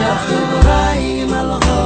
شاف راي ملغى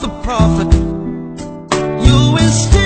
the prophet. You instead.